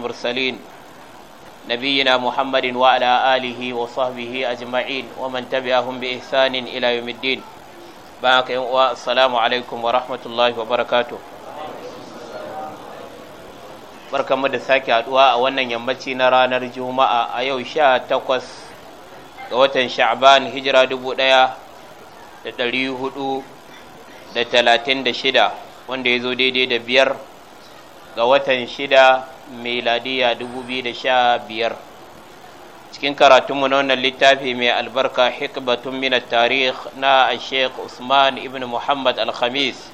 Muhammadin نبينا محمد وعلى آله وصحبه أجمعين ومن تبعهم بإحسان إلى يوم الدين باك والسلام عليكم ورحمة الله وبركاته barkan mu da sake haduwa a wannan yammaci na ranar juma'a a yau sha takwas ga watan sha'ban hijira dubu ɗaya da dari hudu da talatin da shida wanda ya zo daidai da biyar ga watan shida dubu biyu da sha biyar cikin karatunmu na wannan littafi mai albarka hikbatun mina tarih na sheikh usman ibn muhammad al-khamis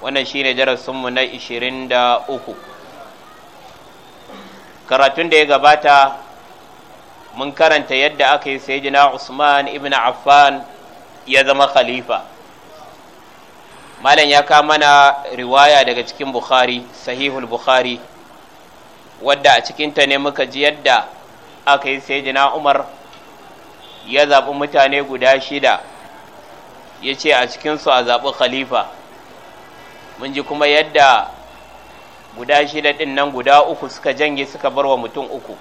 wannan shine mu na uku karatun da ya gabata mun karanta yadda aka yi jina usman ibn affan ya zama khalifa malam ya kama mana riwaya daga cikin bukhari sahihul bukhari wadda a cikinta ne muka ji yadda aka yi sayyidina umar ya zaɓi mutane guda shida ya ce a cikinsu a zaɓi khalifa mun ji kuma yadda guda shida ɗin nan guda uku suka jange suka bar wa mutum uku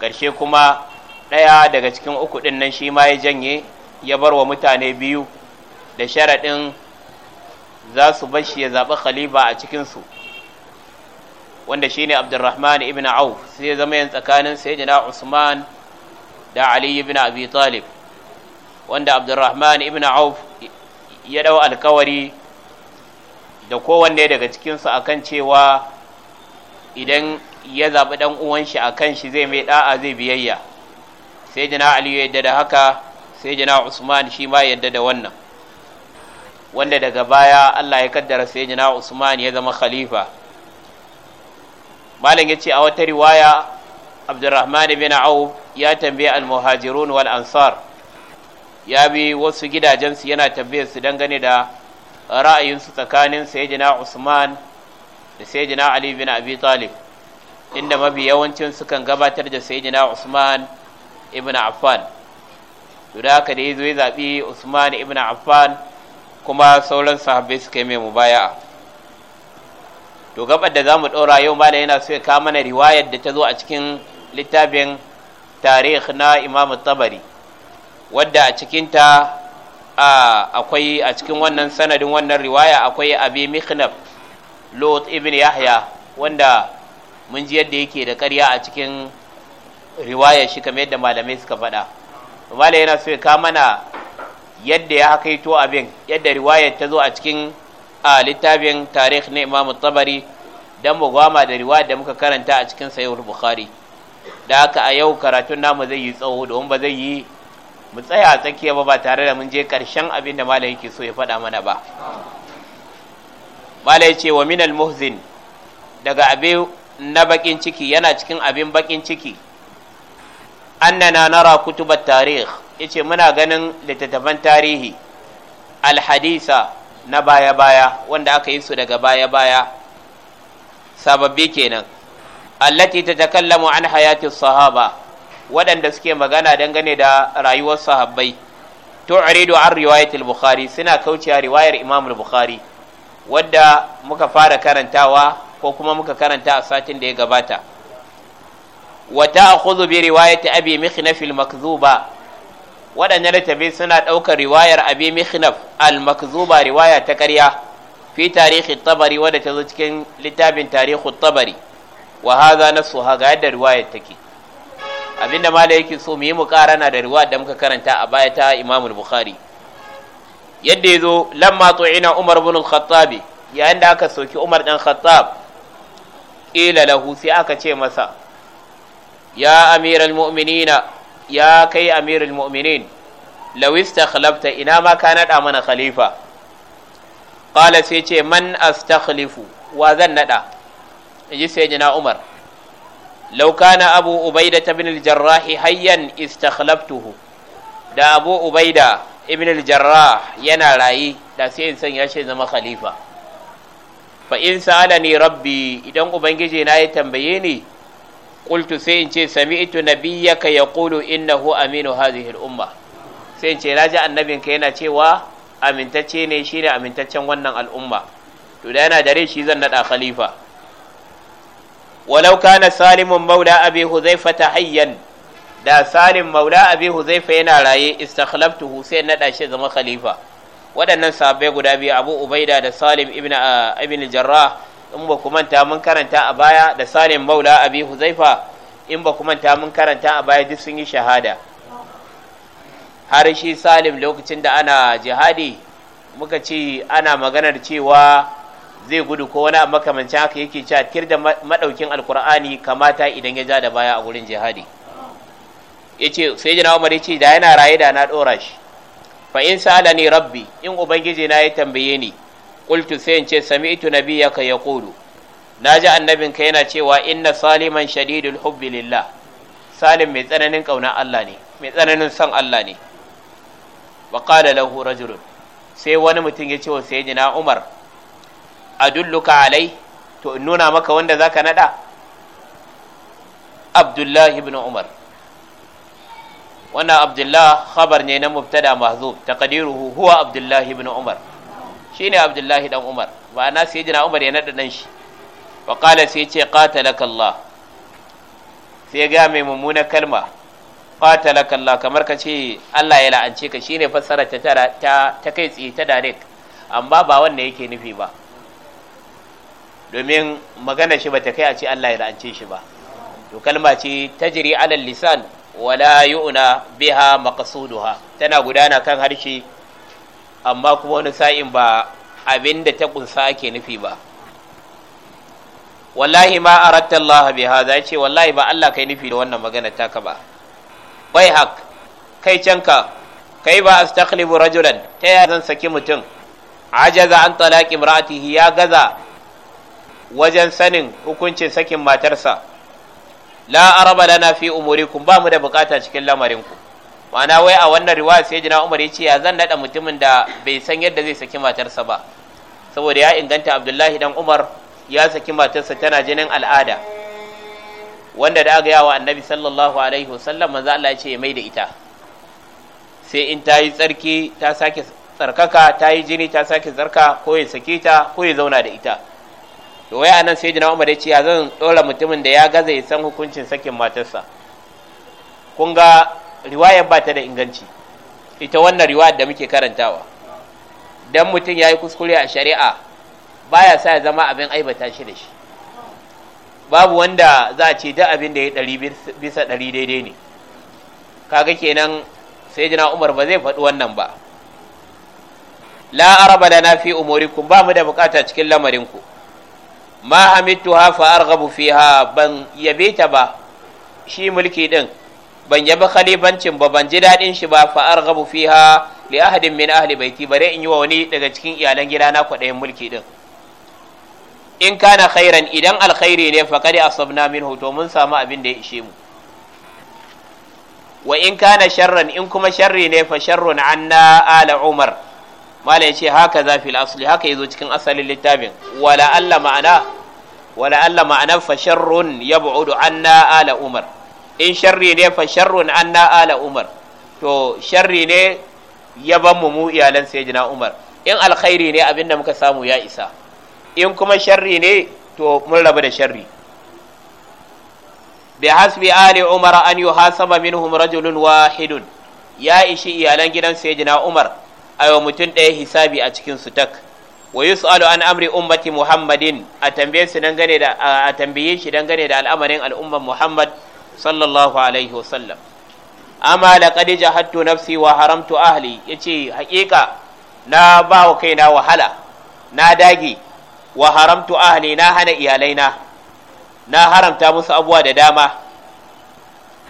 ƙarshe kuma ɗaya daga cikin uku ɗin nan shi ma ya janye ya bar wa mutane biyu da sharaɗin za su bashi ya zaɓi khalifa a cikinsu wanda shine abdurrahman ibn auf sai zama yin tsakanin sayyidina usman da ali ibn abi talib wanda abdurrahman ibn auf ya dau alkawari da kowanne daga cikin cikinsu akan cewa idan ya zabi ɗan uwan shi akan shi zai mai ɗa'a zai biyayya Sayyidina ali ya yadda da haka Sayyidina usman shi ma yadda da wannan wanda daga baya allah ya kaddara Sayyidina usman ya zama khalifa malam ya ce a wata riwaya Abdurrahman bin Auf ya tambaye al-muhajirun wal ansar ya bi wasu gidajensu yana tambayar su dangane da ra'ayinsu tsakanin sayyidina Usman da sayyidina Ali bin Abi Talib inda mabi yawancin sukan gabatar da sayyidina Usman ibn Affan to da haka da yazo ya zabi Usman ibn Affan kuma sauran sahabbai suka yi mai mubaya'a to gabar da zamu ɗora yau malam yana so ya kawo mana riwayar da ta zo a cikin littafin tarikh na Imam Tabari wadda a cikin ta akwai a cikin wannan sanadin wannan riwaya akwai Abi Mikhnab Lot ibn Yahya wanda mun ji yadda yake da ƙarya a cikin riwayar shi kamar yadda malamai suka faɗa malam yana so ya kawo mana yadda ya hakaito abin yadda riwayar ta zo a cikin a littafin tarihi na Imam Tabari dan mu gwama da riwaya da muka karanta a cikin Sahih Bukhari da haka a yau karatun namu zai yi tsawo domin ba zai yi mu tsaya a tsakiya ba ba tare da mun je karshen abin da malai yake so ya faɗa mana ba malai ce wa minal muhzin daga abin na bakin ciki yana cikin abin bakin ciki annana nara kutubat tarih yace muna ganin littattafan tarihi alhadisa na baya-baya wanda aka yi su daga baya-baya sababbi kenan allati takallamu an hayati sahaba waɗanda suke magana dangane da rayuwar sahabbai aridu an riwayatul bukhari suna kaucewa riwayar imam bukhari wadda muka fara karantawa ko kuma muka karanta a satin da ya gabata wa ta'khudhu bi riwayati abi mikhnaf al-makdhuba waɗannan littafin suna ɗaukar riwayar abi mihnaf al-makzuba riwaya ta ƙarya fi tarihi tabari wadda ta zo cikin littafin tarihi tabari wa haza nasu haga yadda riwayar take abinda malai yake so mu yi mu da riwayar da muka karanta a baya ta Imam Bukhari yadda yazo lamma tu'ina Umar ibn al-Khattab yayin da aka soki Umar dan Khattab ila lahu sai aka ce masa ya amiral mu'minina ya kai amirul mu'minin lawis ina ma ka naɗa mana khalifa qala sai ce man astakhlifu wa zan naɗa sai jina umar law kana abu ubaida ibn al-jarrah hayyan istakhlaftuhu da abu ubaida ibn al-jarrah yana rayi da sai in san ya ce zama khalifa fa in sa'alani rabbi idan ubangiji na ya tambaye ni qultu sai in ce sami'tu nabiyyaka yaqulu innahu aminu hadhihi al-umma sai in ce naji annabinka yana cewa amintacce ne shine amintaccen wannan al'umma to da yana dare shi zan nada khalifa walau kana salimun maula abi huzaifata hayyan da salim maula abi huzaifa yana raye istakhlaftuhu sai nada shi zama khalifa waɗannan sahabbai guda biyu abu ubaida da salim ibn ibn in ba ku manta mun karanta a baya da salim maula abi huzaifa in ba ku manta mun karanta a baya duk sun yi shahada har shi salim lokacin da ana jihadi muka ce ana maganar cewa zai gudu ko wani makamancin haka yake cewa tir da madaukin alkur'ani kamata idan ya ja da baya a gurin jihadi yace sai jina umar yace da yana raye da na dora shi fa in sa'alani rabbi in ubangiji na ya tambaye ni qultu sai in ce sami'tu nabiyyaka yaqulu naji ka yana cewa inna saliman shadidul hubbi lillah salim mai tsananin kauna Allah ne mai tsananin son Allah ne wa qala lahu rajulun sai wani mutum ya ce wa sayyidina Umar adulluka alai to in nuna maka wanda zaka nada Abdullahi ibn Umar wannan Abdullah khabar ne na mubtada mahzub taqdiruhu huwa Abdullahi ibn Umar Shi ne abdullahi dan umar ba na sai jina umar ya nada ɗan shi wa qala sai ce qatalaka allah sai gaya mai mummuna kalma qatalaka allah kamar ka ce allah ya la'ance ka ne fassara ta ta kai tsaye ta darek, amma ba wanda yake nufi ba domin magana shi ba ta kai a ce allah ya la'ance shi ba to kalma ce tajri alal lisan wala yu'na biha maqsuduha tana gudana kan harshe amma kuma wani sa'in ba abin da ta kunsa ake nufi ba wallahi ma aratta Allah bi hada ce wallahi ba Allah kai nufi da wannan magana taka ba bai hak kai canka kai ba astakhlibu rajulan ta ya zan saki mutum ajaza an talaqi imra'atihi ya gaza wajen sanin hukuncin sakin matarsa la araba lana fi umurikum ba mu da bukata cikin lamarinku ma'ana wai a wannan riwaya sai jina umar ya ce ya zan naɗa mutumin da bai san yadda zai saki matarsa ba saboda ya inganta abdullahi dan umar ya saki matarsa tana jinin al'ada wanda da aka yawa annabi sallallahu alaihi wasallam manzo Allah ya ce mai da ita sai in ta yi tsarki ta sake tsarkaka ta yi jini ta sake zarka ko ya sake ta ko ya zauna da ita to wai anan sai jina umar ya ce ya zan dora mutumin da ya gaza ya san hukuncin sakin matarsa kun ga riwayar ba ta da inganci ita wannan riwayar da muke karantawa dan mutum ya yi kuskure a shari'a baya sa ya zama abin aibata shi da shi babu wanda za a ce duk abin da ya ɗari bisa ɗari daidai ne kaga kenan sai jina umar ba zai faɗi wannan ba la araba lana fi umurikum ba mu da bukata cikin lamarinku ma hamittu ha fa arghabu fiha ban yabe ta ba shi mulki din ban yabi khalifancin ba ban ji daɗin shi ba fa arghabu fiha li ahadin min ahli baiti bare in yi wa wani daga cikin iyalan gidana kwaɗayin mulki din in kana khairan idan alkhairi ne fa kada asabna min to mun samu abin da ya ishe mu wa in kana sharran in kuma sharri ne fa sharrun anna ala umar malai ce haka za fil asli haka yazo cikin asalin littafin wala alla ma'ana wala alla ma'ana fa sharrun yab'udu anna ala umar in sharri ne fa sharrun anna ala umar to sharri ne ya ban mu iyalan jina umar in alkhairi ne abin da muka samu ya isa in kuma sharri ne to mun rabu da sharri bi hasbi ali umar an yuhasaba minhum rajulun wahidun ya ishi iyalan gidan jina umar ayo mutum ɗaya hisabi a cikin su tak wa yus'alu an amri ummati muhammadin a tambaye su dangane da a tambaye shi dangane da al'amarin al'ummar muhammad sallallahu alaihi wasallam amma laqad jahadtu nafsi wa haramtu ahli yace haƙiƙa na bawa kaina wahala na dage wa haramtu ahli na hana iyalaina na haramta musu abuwa da dama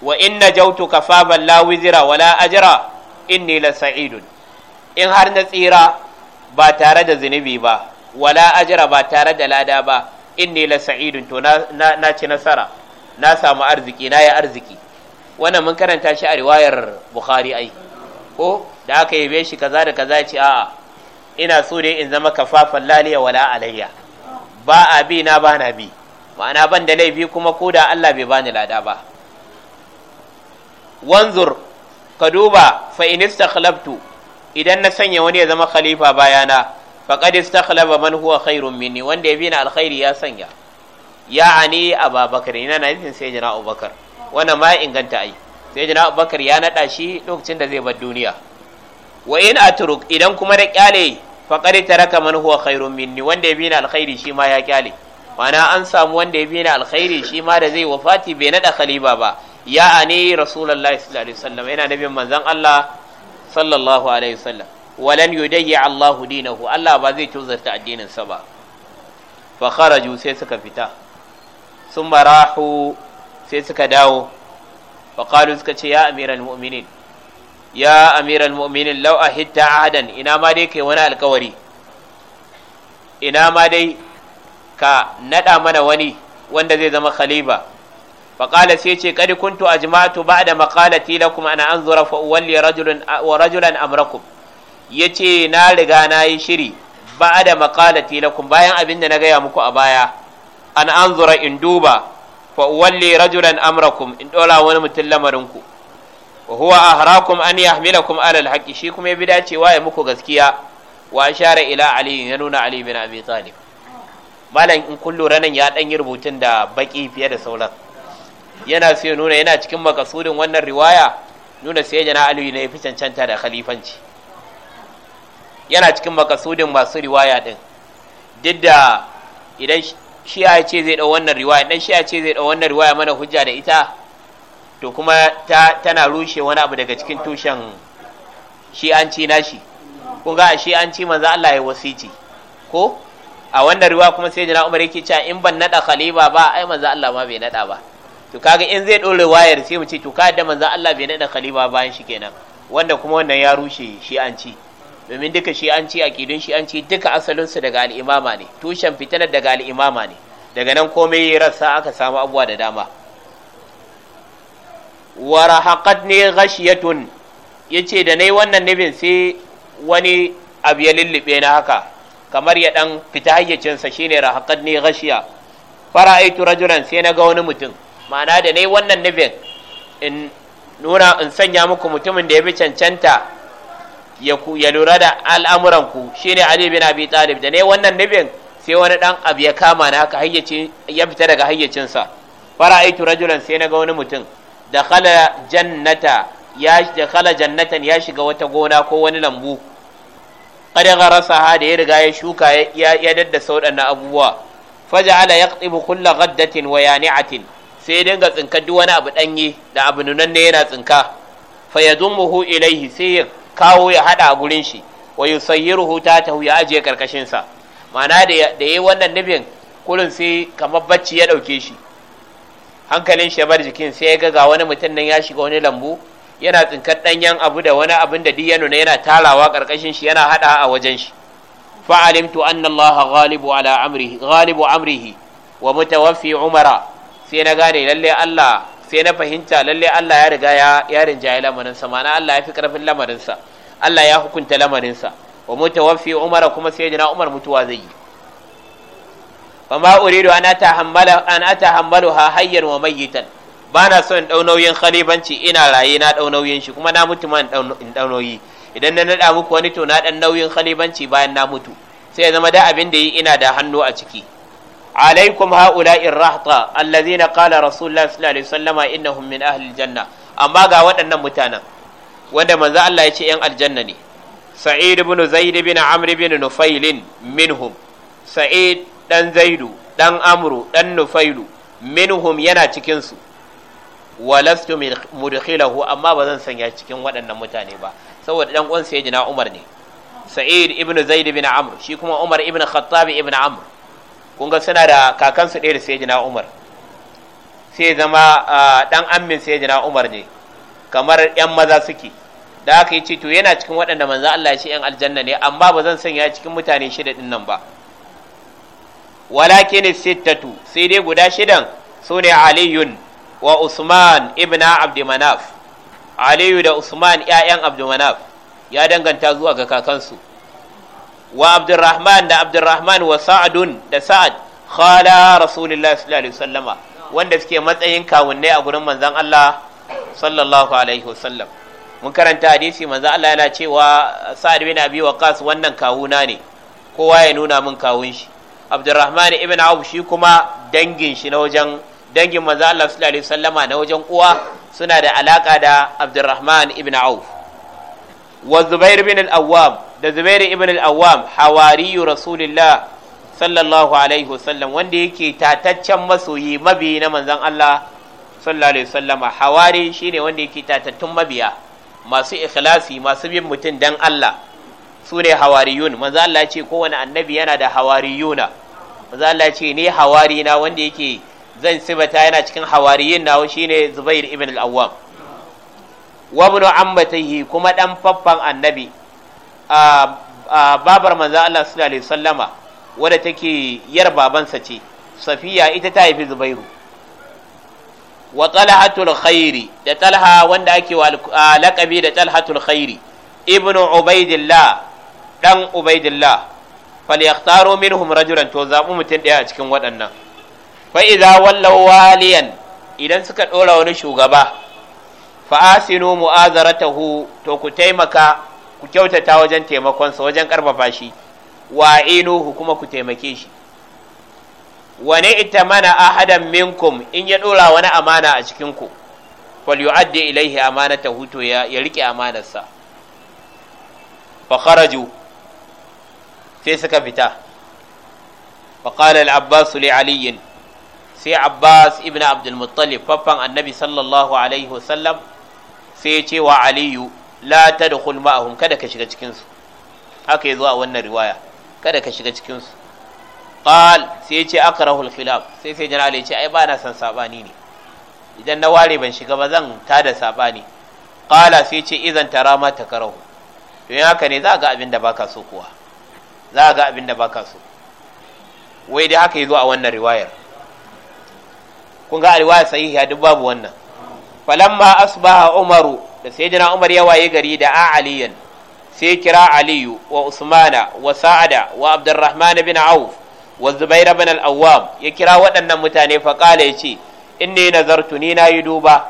wa na jautu kafaban la wizira wala ajra inni la sa'idun in har na tsira ba tare da zunubi ba wala ajra ba tare da lada ba inni la sa'idun to na ci nasara na samu arziki na yi arziki wannan mun karanta shi a riwayar bukhari ai ko da aka yi shi kaza da kaza ce a'a ina so dai in zama kafafan laliya wala alayya ba a bi na ba na bi ma'ana ban da laifi kuma ko da Allah bai bani lada ba wanzur ka duba fa in istakhlabtu idan na sanya wani ya zama khalifa bayana faqad istakhlaba man huwa khairun minni wanda ya bi na alkhairi ya sanya ya'ani Babakar, ina na nufin sai jina abubakar wannan ma inganta ai sai jina abubakar ya naɗa shi lokacin da zai bar duniya wa in turuk idan kuma da kyale ta raka man huwa khairun minni wanda ya bina alkhairi shi ma ya kyale mana an samu wanda ya bina alkhairi shi ma da zai wafati bai naɗa khalifa ba ya'ani rasulullahi sallallahu alaihi wasallam yana nabin manzon Allah sallallahu alaihi wasallam walan yudayya Allahu dinahu Allah ba zai tuzarta addinin sa ba fa kharaju sai suka fita sun barahu sai suka dawo faƙalu suka ce ya amiran mu'minin ya amiran mu'minin lau a hitta ahadan ina ma dai kai wani alkawari ina ma dai ka naɗa mana wani wanda zai zama khalifa faƙala sai ce kadi kuntu a ba'da maqalati da lakum ana an zura rajulan wa rajulan amrakum ya ce na riga na yi shiri ba'da da lakum bayan abin da na gaya muku a baya an anzura in duba fa walli rajulan amrakum in dola wani mutum ku. wa huwa ahrakum an yahmilakum ala alhaqi shi kuma ya bi dacewa ya muku gaskiya wa ashara ila ali ya nuna ali bin abi talib malam in kun lura nan ya dan yi rubutun da baki fiye da sauran yana sai ya nuna yana cikin makasudin wannan riwaya nuna sai jana ali ne ya fi cancanta da khalifanci yana cikin makasudin masu riwaya din duk da idan Shi ya ce zai ɗau wannan riwaya dan ya ce zai ɗau wannan riwaya mana hujja da ita to kuma ta tana rushe wani abu daga cikin tushen shi an ci nashi kun ga shi an ci manzo Allah ya wasici ko a wannan riwaya kuma sai jina Umar yake cewa in ban nada khalifa ba ai manzo Allah ma bai nada ba to kaga in zai dore wayar sai mu ce to ka da manzo Allah bai nada khalifa bayan shi kenan wanda kuma wannan ya rushe shi an ci. domin duka shi an ci aƙidun shi an ce duka asalinsu daga al'imama ne tushen fitinar daga al'imama ne daga nan komai rassa aka samu abuwa da dama wa rahaqat ne ghashiyatun yace da nayi wannan nabin sai wani abu ya lullube na haka kamar ya dan fita hayyacin sa shine rahaqat ne ghashiya fara'aitu rajulan sai na ga wani mutum ma'ana da nayi wannan nabin in nuna in sanya muku mutumin da ya bi cancanta ya ya lura da al'amuran ku shine Ali bin Abi Talib da ne wannan nabin sai wani dan abu ya kama na aka hayyaci ya fita daga hayyacin sa fara'aitu rajulan sai naga wani mutum da khala jannata ya da khala jannatan ya shiga wata gona ko wani lambu kada garasa ha da ya riga ya shuka ya ya daddasa waɗannan abubuwa faja'ala yaqtibu kulla ghaddatin wa yani'atin sai dinga tsinka duk wani abu danye da abu ne yana tsinka Fa fayadumuhu ilaihi sai kawo ya hada a gurin shi wa yusayyiruhu tatahu ya ajiye karkashin sa ma'ana da yayi wannan nufin kurin sai kamar bacci ya dauke shi hankalin shi bar jikin sai ya ga ga wani mutum nan ya shiga wani lambu yana tsinkar danyen abu da wani abin da duk nuna yana tarawa karkashin shi yana hada a wajen shi alimtu anna Allah ghalibu ala amrihi ghalibu amrihi wa mutawaffi umara sai na gane lalle Allah sai na fahimta lalle Allah ya riga ya ya rinjaye lamarin sa ma'ana Allah ya fi karfin lamarin Allah ya hukunta lamarin sa wa tawaffi Umar kuma sai jira Umar mutuwa zai yi fa ma uridu an atahammala an hayyan wa mayyitan ba na so in dau nauyin khalibanci ina raye na dau nauyin shi kuma na mutu ma in dau nauyi idan na nada muku wani to na dan nauyin khalibanci bayan na mutu sai ya zama da abin da yi ina da hannu a ciki alaikum ha'ula'in rahta na qala rasulullah sallallahu alaihi wasallama innahum min ahli janna amma ga waɗannan mutanen wanda manzo Allah ya ce yan aljanna ne sa'id ibn zaid ibn amr ibn nufail minhum sa'id dan zaidu dan amru dan nufailu minhum yana cikin su walastu mudkhilahu amma ba zan sanya cikin waɗannan mutane ba saboda dan uwan sayyidina umar ne sa'id ibn zaid ibn amr shi kuma umar ibn khattab ibn amr kun ga suna da kakansu ɗaya da sayyidina umar sai zama ɗan ammin sayyidina umar ne kamar yan maza suke da aka yi ce to yana cikin waɗanda manzo Allah ya yan aljanna ne amma ba zan sanya cikin mutane shida din nan ba walakin sittatu sai dai guda shidan sune aliyun wa usman ibn abd manaf aliyu da usman ƴaƴan abd manaf ya danganta zuwa ga kakansu wa abdurrahman da abdurrahman wa sa'adun da sa'ad khala rasulullahi sallallahu alaihi wasallama wanda suke matsayin kawunnai a gurin manzon Allah sallallahu alaihi wasallam mun karanta hadisi manzon Allah yana cewa sa'ad bin abi waqas wannan kawuna ne kowa ya nuna min kawun shi abdurrahman ibn auf shi kuma dangin shi na wajen dangin manzon Allah sallallahu alaihi wasallama na wajen uwa suna da alaka da abdurrahman ibn auf wa Zubair bin al da Zubair ibn al-Awwam hawariyu Rasulullah sallallahu alaihi wasallam wanda yake tataccen masoyi mabiyi na manzon Allah sallallahu alaihi wasallam hawari shine wanda yake tatattun mabiya masu ikhlasi masu bin mutum dan Allah Sune ne hawariyun manzo Allah ya ce kowane annabi yana da hawariyuna manzo Allah ya ce ne hawari na wanda yake zan sibata yana cikin hawariyin nawo shine Zubair ibn al-Awwam wabnu ibn kuma dan faffan annabi a babar manzo Allah sallallahu alaihi wasallama wadda take yar babansa ce safiya ita ta haifi zubairu wa talhatul khairi da talha wanda ake wa laqabi da talhatul khairi ibnu ubaidillah dan ubaidillah falyaktaru minhum rajulan to zabu mutum daya a cikin waɗannan fa idza wallaw waliyan idan suka dora wani shugaba Fa'asinu asinu mu'azaratahu to ku taimaka ku kyautata wajen taimakonsa wajen ƙarfafa shi wa kuma ku taimake shi wani ita mana ahadan minkum in ya ɗora wani amana a cikinku falyu'addi ilaihi amanata huto ya, ya rike amanarsa fa sai suka fita fa al-abbas li ali sai abbas ibn abdul muttalib faffan annabi sallallahu alaihi wasallam sai ya ce wa aliyu la tadkhul ma'ahum kada ka shiga cikin su haka zo a wannan riwaya kada ka shiga cikin su qal sai ya ce akrahul khilaf sai sai jana ya ce ai ba na san sabani ne idan na ware ban shiga ba zan tada sabani qala sai ce idan tara ma karahu. to yin haka ne za ga abin da baka so kuwa za ga abin da baka so wai dai haka zo a wannan riwayar kun ga a riwayar sahiha duk babu wannan falamma asbaha umaru da sayyidina umar ya waye gari da a aliyan sai kira aliyu wa usmana wa sa'ada wa abdurrahman bin auf wa zubair bin al-awwam ya kira waɗannan mutane fa ce, yace inni nazartu ni nayi duba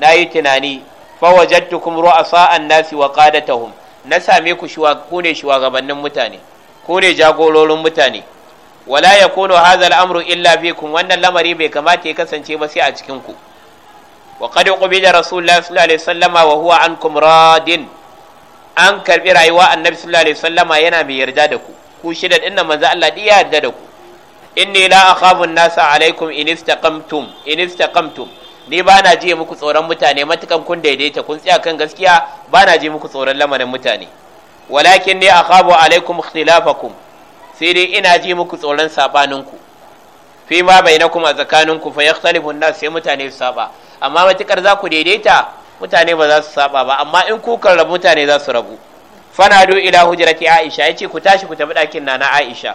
nayi tunani fa wajadtukum ru'asa an-nasi wa qadatahum na same ku ku ne shugabannin mutane ku ne jagororin mutane wala yakunu hadha al-amru illa bikum wannan lamari bai kamata ya kasance ba sai a cikin ku wa qad qubila rasulullahi sallallahu alaihi wasallama wa huwa ankum radin an karbi rayuwa annabi sallallahu alaihi yana mai yarda da ku ku shida din manza manzo Allah ya yarda da ku inni la akhafu an-nasa alaikum in istaqamtum in istaqamtum ni ba na ji muku tsoron mutane matukan kun daidaita kun tsaya kan gaskiya ba na ji muku tsoron lamarin mutane walakin ne akhabu alaikum ikhtilafakum sai dai ina ji muku tsoron sabaninku fi ma bainakum a tsakaninku fa yakhtalifu nas sai mutane su saba amma matukar za ku daidaita mutane ba za su saba ba amma in kukan rabu mutane za su rabu fanado ila hujrati aisha yace ku tashi ku tafi ɗakin nana aisha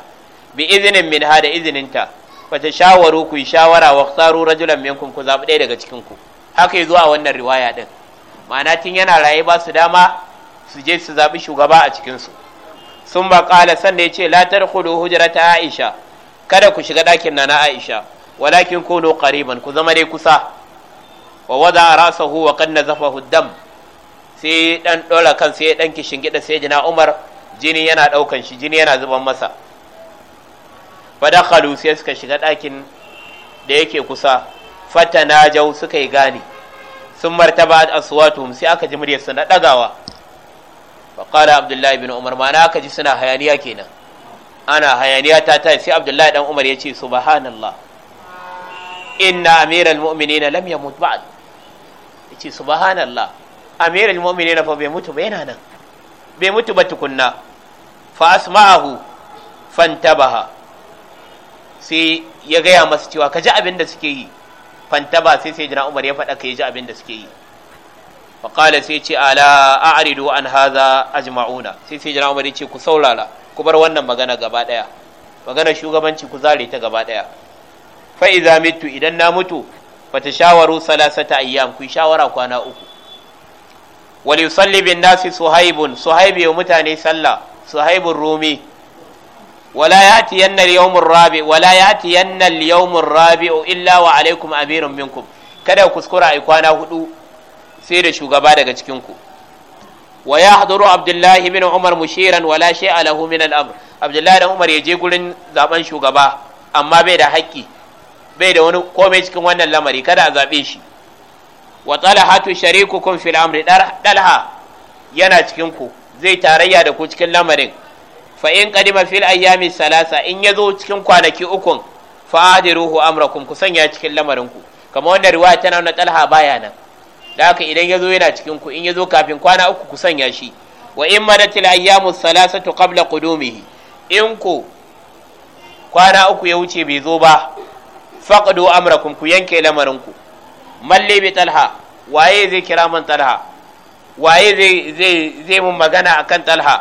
bi izinin min hada izininta ta shawaru ku shawara wa tsaro rajulan minkum ku zaɓi ɗaya daga cikin ku haka zuwa wannan riwaya ɗin ma'ana tin yana raye ba su dama su je su zabi shugaba a cikin su sun ba sannan yace ce latar kudu hujrata aisha kada ku shiga dakin nana aisha walakin kunu ƙariban ku zama dai kusa wa wada rasahu wa kan nazafahu dam sai dan dora kan sai dan kishin gida sai jina Umar jini yana daukan shi jini yana zuban masa fadakhalu sai suka shiga dakin da yake kusa fatana jau suka yi gane sun martaba aswatuhum sai aka ji muryar na dagawa fa qala abdullahi ibn umar na aka ji suna hayaniya kenan ana hayaniya ta ta sai abdullahi dan umar ya ce subhanallah inna amiral mu'minina lam yamut ba'd yace subhanallah amirul mu'minin fa bai mutu ba yana nan bai mutu ba tukunna fa asma'ahu fantabaha sai ya gaya masa cewa ka ji abin da suke yi fantaba sai sai jira umar ya faɗa ka ji abin da suke yi qala sai ce ala a'ridu an haza ajma'una sai sai jira umar ya ce ku saurara ku bar wannan magana gaba daya maganar shugabanci ku zare ta gaba fa fa'iza mitu idan na mutu Bata shawaru salasata ayyam ku shawara kwana uku wal yusalli bin nasi suhaibun suhaib ya mutane sallah suhaibun rumi wala yati yanna al yawmur rabi wala yati yanna al yawmur rabi illa wa alaikum amirun minkum kada ku kuskura ai kwana hudu sai da shugaba daga cikin ku wa yahduru abdullahi min umar mushiran wala shay'a lahu min al amr abdullahi da umar ya je gurin zaben shugaba amma bai da haƙƙi bai da wani komai cikin wannan lamari kada a zaɓe shi wa talhatu sharikukum fil amri dalha yana cikin ku zai tarayya da ku cikin lamarin fa in qadima fil ayyami salasa in yazo cikin kwanaki ukun fa adiruhu amrakum ku sanya cikin lamarin ku kamar wannan riwaya tana na talha baya nan haka idan yazo yana cikin ku in yazo kafin kwana uku ku sanya shi wa in madatil ayyamu salasatu qabla qudumihi in ku kwana uku ya wuce bai zo ba faqdu amrakum ku yanke lamarin ku malle bi talha waye zai kira man talha waye zai zai zai mun magana akan talha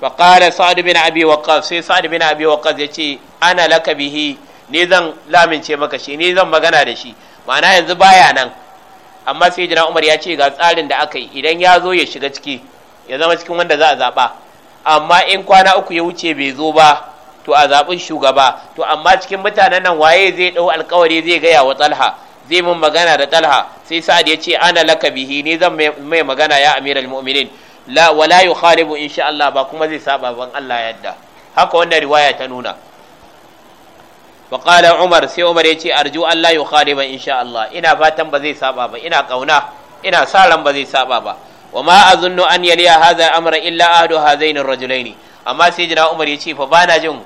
fa qala sa'd bin abi waqqas sai sa'd bin abi waqqas yace ana laka bihi ni zan lamince maka shi ni zan magana da shi ma'ana yanzu baya nan amma sai jira umar ya ce ga tsarin da aka yi idan ya zo ya shiga ciki ya zama cikin wanda za a zaɓa amma in kwana uku ya wuce bai zo ba to a zaɓin shugaba to amma cikin mutanen nan waye zai ɗau alkawari zai gaya wa talha zai mun magana da talha sai sa'ad ya ce ana laka bihi ni zan mai magana ya amiral mu'minin la wala yukhalibu insha Allah ba kuma zai saba ban Allah yadda haka wannan riwaya ta nuna wa qala umar sai umar ya ce arju Allah yukhaliba insha Allah ina fatan ba zai saba ba ina kauna ina sa ran ba zai saba ba Wama ma azunnu an yaliya hadha amra illa ahadu hadaini rajulaini amma sai jira umar ya ce fa bana jin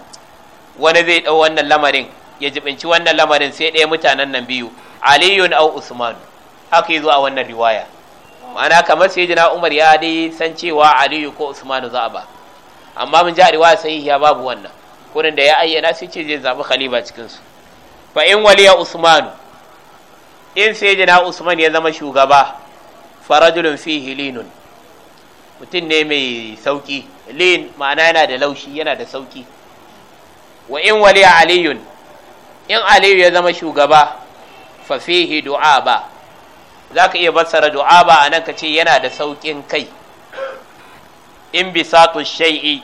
wani zai ɗau wannan lamarin ya jibinci wannan lamarin sai ɗaya mutanen nan biyu aliyun au usman haka yi zuwa wannan riwaya ma'ana kamar sai jina umar ya dai san cewa aliyu ko usman za a ba amma mun ji a riwaya sai ya babu wannan kurin da ya ayyana sai ce zai zaɓi khalifa cikinsu fa in waliya usman in sai jina usman ya zama shugaba farajulun fi linun mutum ne mai sauki lin ma'ana yana da laushi yana da sauki wa in wali aliyun in aliyu ya zama shugaba fa fihi du'a ba za ka iya basara du'a ba a nan ka ce yana da sauƙin kai in bisatu shai'i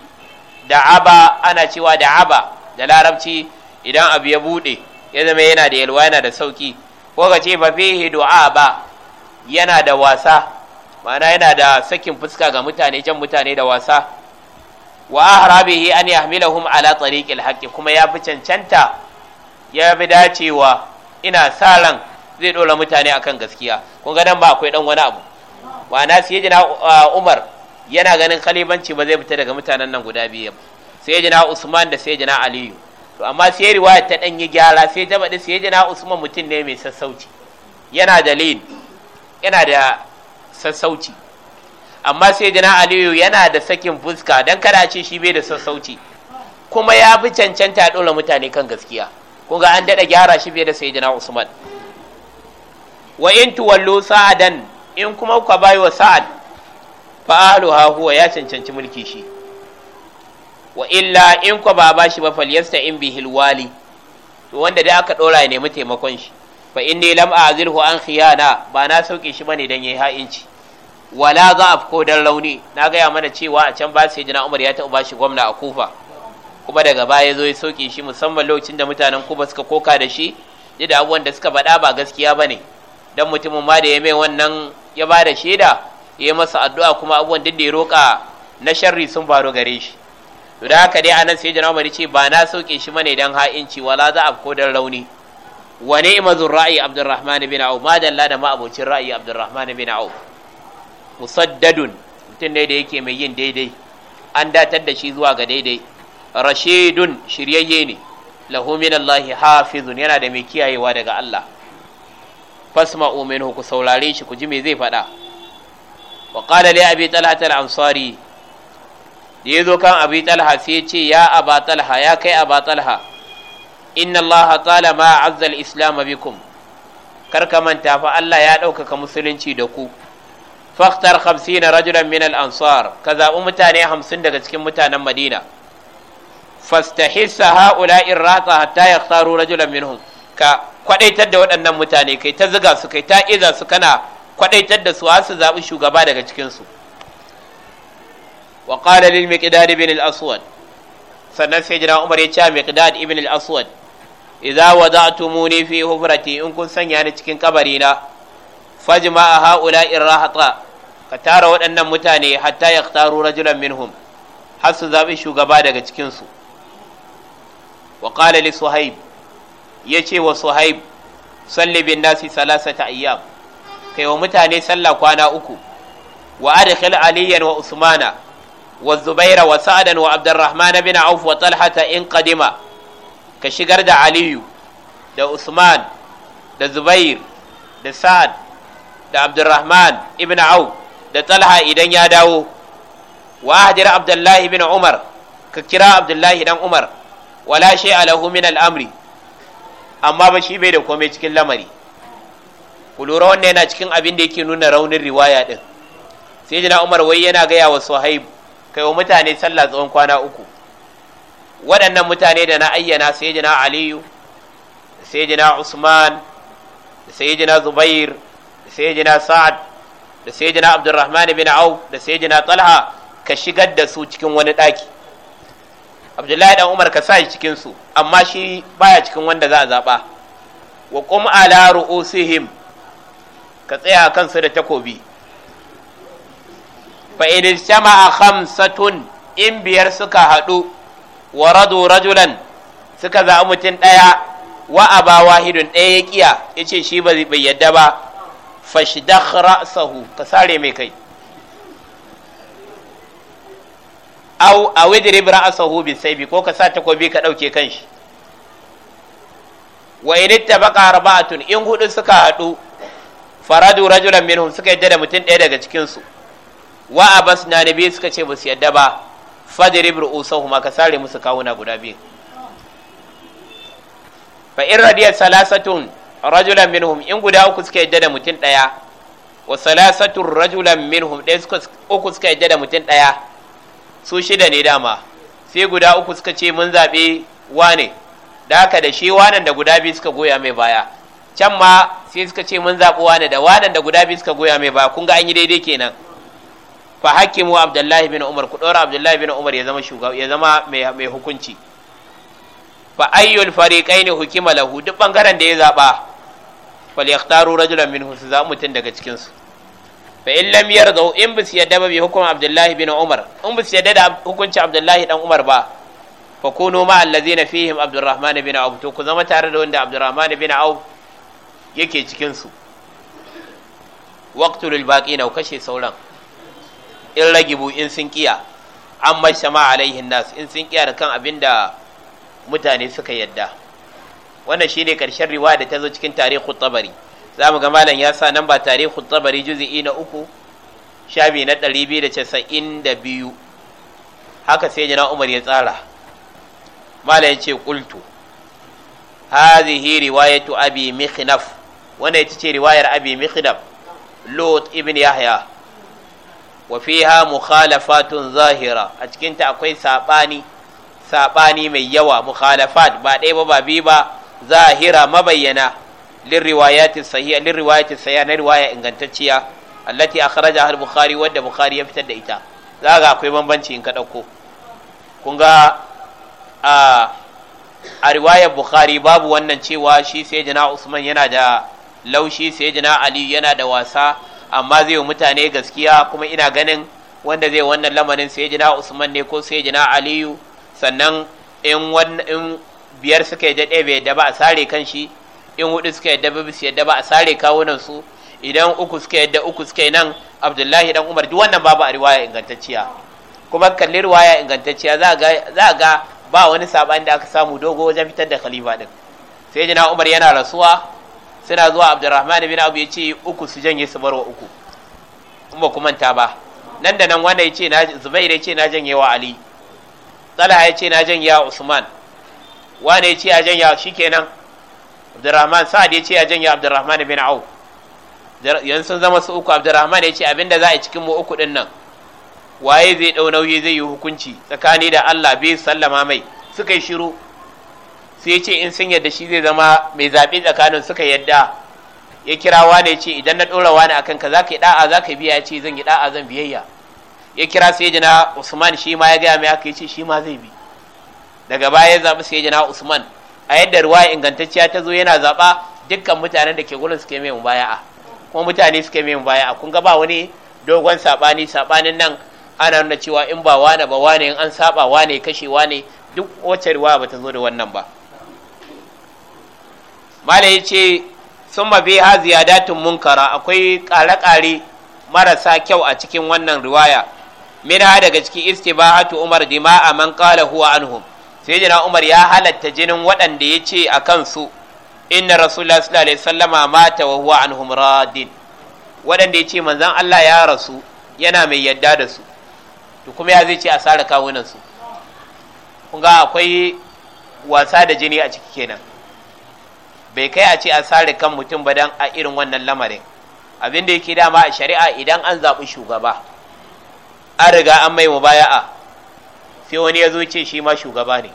da aba ana cewa da aba da larabci idan abu ya buɗe ya zama yana da yalwa yana da sauƙi ko ka ce fa fihi du'a ba yana da wasa ma'ana yana da sakin fuska ga mutane jan mutane da wasa wa ahrabihi an yahmilahum ala tariqil haqqi kuma ya fi cancanta ya bi dacewa ina sa ran zai dora mutane akan gaskiya kun ga nan ba akwai dan wani abu wa na sai jina uh, Umar yana ganin khalifanci ba zai fita daga mutanen nan guda biyu sai jina Usman da sai jina Aliyu to amma sai riwaya ta dan yi gyara sai ta bada sai jina Usman mutum ne mai sassauci yana dalil yana da sassauci amma sai jana aliyu yana da sakin fuska don kada ce shi bai da sassauci kuma ya fi cancanta ɗora mutane kan gaskiya kuma an daɗa gyara shi bai da sai jana usman wa in tuwallo sa'adan in kuma ka bayo wa sa'ad fa ahluha huwa ya cancanci mulki shi wa illa in ku ba ba shi ba falyasta in bi hilwali. to wanda da aka ɗora ya nemi taimakon shi fa inni lam azilhu an khiyana ba na sauke shi bane dan yayi ha'inci wala za a ko dan rauni na gaya mana cewa a can ba sai yi umar ya taɓa bashi gwamna a kufa kuma daga baya zo ya sauƙi shi musamman lokacin da mutanen kuba suka koka da shi duk da abubuwan da suka faɗa ba gaskiya ba ne don mutumin ma da ya mai wannan ya ba da shaida ya yi masa addu'a kuma abubuwan duk da ya roƙa na sharri sun faru gare shi to da haka dai anan sai jina umar ce ba na sauƙe shi mane dan ha'inci wala za a ko dan rauni wa ni'mazur ra'ayi, abdurrahman bin au ma dalla da ma abocin ra'ayi abdurrahman bin au musaddadun mutum ne da yake mai yin daidai an datar da shi zuwa ga daidai rashidun shiryayye ne Lahuminallahi allahi hafizun yana da mai kiyayewa daga Allah Fasma, minhu ku saurare shi ku ji mai zai faɗa wa ƙada li abi talhatar amsari da da yazo kan abi talha sai ya ce ya aba talha ya kai aba talha inna Allah ta'ala ma azza al-islam bikum kar manta fa Allah ya ɗaukaka musulunci da ku faktar hamsina rajulan min al-ansar ka zaɓi mutane hamsin daga cikin mutanen madina fastahissa ha'ula'in ratsa hatta ya tsaro rajulan minhum ka kwadaitar da waɗannan mutane kai ta ziga su kai ta iza su kana kwaɗaitar da su su zaɓi shugaba daga cikinsu wa qala lil miqdad ibn al aswad sannan sai jira umar ya ce miqdad ibn al aswad idza wada'tumuni fi hufrati in kun sanya ni cikin kabarina na fajma'a ha'ula'in rahata ka tara waɗannan mutane hatta ya taru rajulan minhum har su zaɓi shugaba daga cikinsu wa ƙala li suhaib ya ce wa suhaib salli bin nasi salasata ayyam kai wa mutane sallah kwana uku wa adkhil aliyan wa usmana wa zubaira wa sa'adan wa abdurrahman bin auf wa talhata in qadima ka shigar da aliyu da usman da zubair da sa'ad da abdurrahman ibn auf da talha idan ya dawo wa abdullahi bin umar ka kira abdullahi dan umar wala shay alahu min al'amri amma ba shi bai da komai cikin lamari ku lura wannan yana cikin abin da yake nuna raunin riwaya din sai jina umar wai yana gaya wa suhaib kai wa mutane sallah tsawon kwana uku waɗannan mutane da na ayyana sai jina aliyu sai jina usman sai jina zubair sai jina sa'ad da sayyidina abdurrahman bin auf da sayyidina talha ka shigar da su cikin wani daki abdullahi dan umar ka sa shi cikin su amma shi baya cikin wanda za a zaba wa qum ala ru'usihim ka tsaya kansu da takobi fa in a khamsatun in biyar suka haɗu wa radu rajulan suka zaɓi mutum ɗaya wa aba wahidun ɗaya ya kiya yace shi bai yadda ba fashdakh ra'sahu ka sare mai kai aw bi ra'sahu bisayfi ko ka sa takobi ka dauke kanshi wa in ittabaqa arba'atun in hudu suka haɗu faradu rajulan minhum suka yadda da mutum ɗaya daga cikin su wa abas na nabi suka ce ba su yadda ba fadrib ma ka sare musu kawuna guda biyu fa in radiyat salasatun rajulan minhum in guda uku suka yadda da mutum ɗaya wa salasatu rajulan minhum ɗaya uku suka yadda da mutum ɗaya su shida ne dama sai guda uku suka ce mun zaɓe wane da haka da shi wanan da guda biyu suka goya mai baya can ma sai suka ce mun zaɓi wane da wanan da guda biyu suka goya mai baya kun ga an yi daidai kenan fa hakimu abdullahi bin umar ku ɗora abdullahi bin umar ya zama shugaba ya zama mai hukunci fa ayyul fariqaini hukima lahu duk bangaren da ya zaba fal yakhtaru rajulan minhum su zaɓi mutum daga cikin su fa in lam yarda in su yadda bi hukum abdullahi bin umar in su yadda da hukunci abdullahi dan umar ba fa kunu ma allazina fihim abdurrahman bin auf to ku zama tare da wanda abdurrahman bin auf yake cikin su waqtul baqina kashe sauran in ragibu in sun kiya an shama alaihin nas in sun kiya da kan abinda mutane suka yadda wannan shine karshen riwaya da ta zo cikin tarihu tabari za mu ga malam ya sa nan ba tarihu tabari juzi'i na uku shabi na ɗari biyu da casa'in da biyu haka sai jana umar ya tsara malam ya ce kultu hazihi riwayatu abi mikhnaf wannan ita ce riwayar abi mikhnaf lot ibn yahya wa fiha mukhalafatun zahira a cikinta akwai sabani sabani mai yawa mukhalafat ba ɗaya ba ba biyu ba zahira mabayyana lirriwayati sahiha lirriwayati sahiha na riwaya ingantacciya allati akhraja al-bukhari wadda bukhari ya fitar da ita za ga akwai bambanci in ka dauko kun ga a a riwayar bukhari babu wannan cewa shi sayyidina usman yana da laushi sayyidina ali yana da wasa amma zai mutane gaskiya kuma ina ganin wanda zai wannan lamarin sayyidina usman ne ko sayyidina aliyu sannan in biyar suka yadda ɗaya bai yadda ba a sare kan shi in hudu suka yadda ba su yadda ba a sare kawunan su idan uku suka yadda uku suka yi nan abdullahi dan umar duk wannan babu a riwaya ingantacciya kuma kalli riwaya ingantacciya za a ga ba wani saban da aka samu dogo wajen fitar da khalifa din sai jina umar yana rasuwa suna zuwa abdurrahman bin abu ya ce uku su janye su barwa uku in ba manta ba nan da nan wanda ya ce zubairu ya ce na janye wa ali talha ya ce na janye wa usman wane ya ce a janya shi kenan abdurrahman sa'ad ya ce a janya abdurrahman bin au yanzu sun zama su uku abdurrahman ya ce abinda za a cikin mu uku din nan waye zai dau nauyi zai yi hukunci tsakani da Allah bai sallama mai suka yi shiru sai ce in sun yadda shi zai zama mai zabi tsakanin suka yadda ya kira wane ya ce idan na ɗora wani akan ka za ka yi ɗa'a za ka biya Ya ce zan yi ɗa'a zan biyayya ya kira sai jina usman shi ma ya gaya mai aka ya ce shi ma zai bi daga baya ya zaɓi jana usman a yadda ruwa ingantacciya ta zo yana zaɓa dukkan mutanen da ke gurin suke mai a kuma mutane suke mai a kun ga ba wani dogon saɓani saɓanin nan ana nuna cewa in ba wane ba wane in an saba wane kashe wane duk wacce ruwa ba ta zo da wannan ba mala ya ce sun mafi ha ziyadatun munkara akwai ƙare-ƙare marasa kyau a cikin wannan riwaya min ha daga ciki istibahatu umar a man ƙala huwa anhum sayyidina umar ya halatta jinin waɗanda ya ce a kansu inna rasulullah sallallahu alaihi sallama mata wa huwa anhum radin waɗanda ya ce manzon Allah ya rasu yana mai yadda da su to kuma ya zai ce a sare kawunan su kun ga akwai wasa da jini a ciki kenan bai kai a ce a sare kan mutum ba dan a irin wannan lamarin abin da yake dama a shari'a idan an zaɓi shugaba an riga an mai mubaya'a sai wani ya zo ce shi ma shugaba ne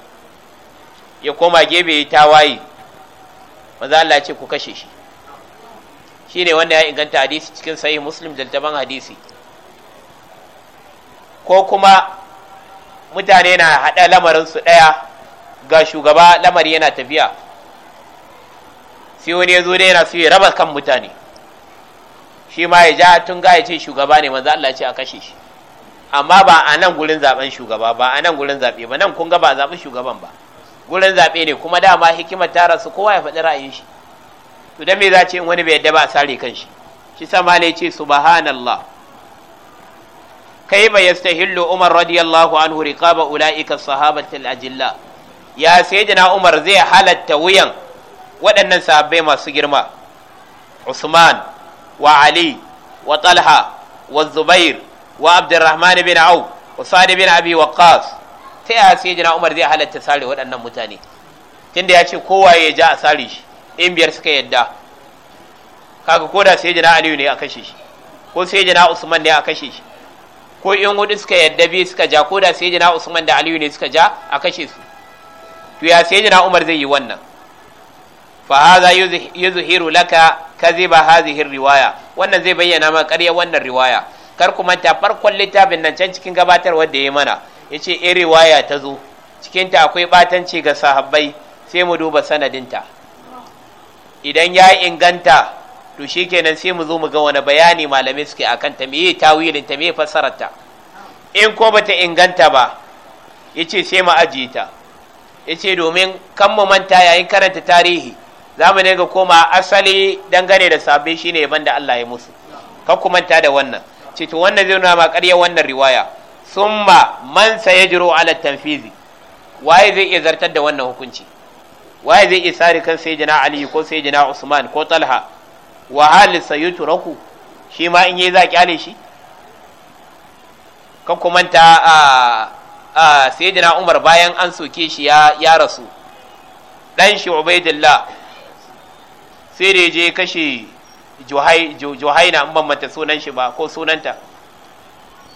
ya koma gebe ya tawaye maza Allah ce ku kashe shi shi ne wanda ya inganta hadisi cikin sahih muslim daltaban hadisi ko kuma mutane na haɗa lamarinsu ɗaya ga shugaba lamari yana tafiya sai wani ya zo da yana so ya raba kan mutane shi ma ya ja tun ga ya ce shugaba ne maza Allah ce a kashe shi amma ba a nan gurin zaben shugaba ba a nan gurin zaɓe ba nan kun ga ba zaɓi shugaban ba gurin zaɓe ne kuma dama hikimar ta rasu kowa ya faɗi ra'ayin shi to dan me za ce in wani bai yadda ba sare kan shi shi sama ne ce subhanallah kaifa yastahillu umar radiyallahu anhu riqaba ulaika sahabatul ajilla ya sayyidina umar zai halatta wuyan waɗannan sahabbai masu girma usman wa ali wa talha wa zubair wa abdurrahman bin au wa bin abi waqas ta yaya sai jina umar zai halatta sare waɗannan mutane tunda ya ce kowa ya ja a sare shi in biyar suka yadda kaga ko da sai jina aliyu ne a kashe shi ko sai jina usman ne a kashe shi ko in hudu suka yadda biyu suka ja ko da sai jina usman da aliyu ne suka ja a kashe su to ya sai jina umar zai yi wannan fa hadha yuzhiru laka kadhiba hadhihi riwaya wannan zai bayyana maka ƙarya wannan riwaya kar ku manta farkon littafin nan can cikin gabatar wanda ya mana yace in riwaya ta zo cikin ta akwai batanci ga sahabbai sai mu duba sanadinta idan ya inganta to shikenan sai mu zo mu ga wani bayani malamai suke akan ta meye tawilin ta meye fassarar ta in ko bata inganta ba yace sai mu ajiye ta yace domin kan mu manta yayin karanta tarihi za mu dinga koma asali dangane da sabbin shine ban da Allah ya musu kan ku manta da wannan to wannan zai nuna ma ƙarya wannan riwaya summa man jiro ala tanfizi waye zai iya zartar da wannan hukunci waye zai iya sare kan sayyidina Aliyu ko sayyidina usman ko talha wa hal sayutraku shi ma in yi za kyale shi kan kumanta a a sayyidina umar bayan an soke shi ya ya rasu dan shi ubaidillah sai da je kashe juhaina in ban sunan shi ba ko sunanta